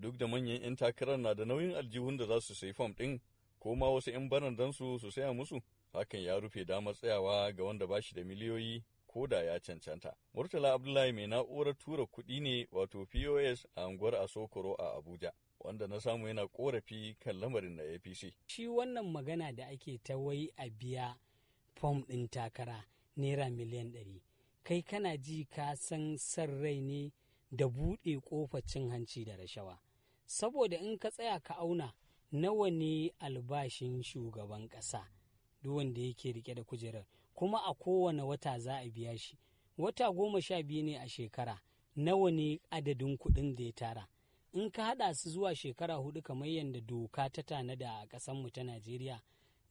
duk da manyan 'yan takarar na da nauyin aljihun da za su sayi fom ɗin ko ma wasu 'yan barandansu su su saya musu hakan ya rufe damar tsayawa ga wanda ba shi da miliyoyi ko da ya cancanta. Murtala Abdullahi mai na'urar tura kuɗi ne wato POS a unguwar Asokoro a Abuja. wanda na samu yana korafi kan lamarin na apc shi wannan magana da ake ta wai a biya fom ɗin takara naira miliyan ɗari kai kana ji ka san san rai ne da buɗe ƙofa cin hanci da rashawa saboda in ka tsaya ka auna nawa ne albashin shugaban ƙasa duk wanda yake rike da kujerar kuma a kowane wata za a biya shi wata goma sha biyu ne a shekara nawa ne adadin kuɗin da ya tara in ka haɗa su zuwa shekara hudu kamar yadda doka ta tanada a ƙasanmu ta najeriya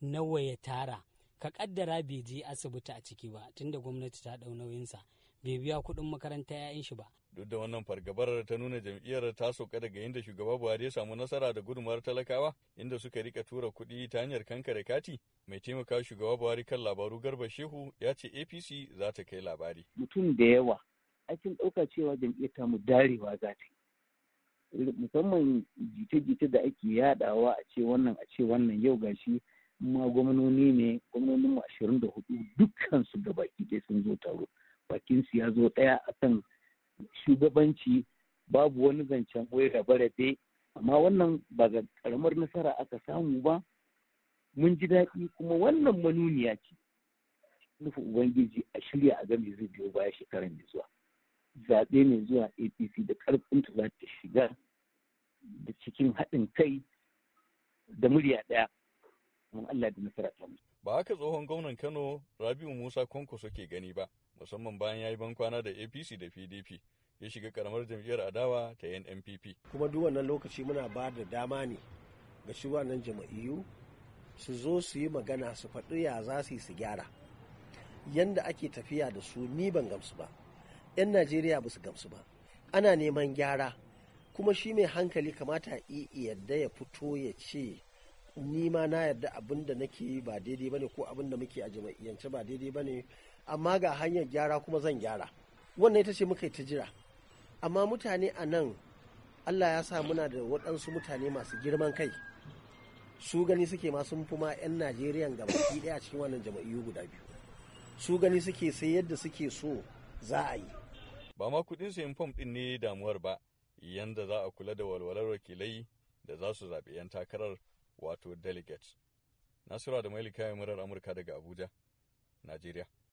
nawa ya tara ka ƙaddara bai je asibiti a ciki ba tunda gwamnati ta ɗau nauyinsa bai biya kuɗin makaranta 'ya'yan shi ba. Duk da wannan fargabar ta nuna jam'iyyar ta soka daga inda shugaba Buhari ya samu nasara da gudumar talakawa inda suka rika tura kuɗi ta hanyar kankare kati. Mai taimaka shugaba Buhari kan labaru Garba Shehu ya ce APC za ta kai labari. Mutum da yawa akin ɗauka cewa jam'iyyar ta mu darewa za ta musamman jita-jita da ake yadawa a ce wannan a ce wannan yau gashi ma gwamnoni ne gwamnonin mu ashirin da Ɗaya a kan shugabanci babu wani zancen wai rabe-rabe amma wannan ba ga karamar nasara aka samu ba mun ji daɗi kuma wannan manuniya ce nufin ubangiji a shirya a game zai biyo baya shekaran da zuwa zaɓe mai zuwa apc da ta za ta shiga da cikin haɗin kai da murya ɗaya Allah da nasara ta musu. Ba haka tsohon gwamnan Kano Rabiu Musa Kwanko suke gani ba musamman bayan ya yi kwana da APC da PDP ya shiga karamar jam'iyyar adawa ta NNPP. Kuma duk wannan lokaci muna ba da dama ne ga shugabannin jam'iyyu jama'iyyu su zo su yi magana su faɗi ya za su yi su gyara. Yanda ake tafiya da su ni ban gamsu ba. 'Yan Najeriya ba su gamsu ba. Ana neman gyara kuma shi mai hankali kamata yarda ya fito ya ce ni ma na yarda abin da nake ba daidai bane ko abin da muke a jama'iyyance ba daidai bane amma ga hanyar gyara kuma zan gyara wannan ita ce muka yi ta jira amma mutane a nan allah ya sa muna da waɗansu mutane masu girman kai su gani suke ma sun fi ma 'yan najeriya gabaki ɗaya cikin wannan jama'iyyu guda biyu su gani suke sai yadda suke so za a yi ba ma kuɗin yin fom ɗin ne damuwar ba yanda za a kula da walwalar wakilai da za su zaɓi 'yan takarar wato delegate. Nasiru da likaya murar Amurka daga Abuja, Najeriya.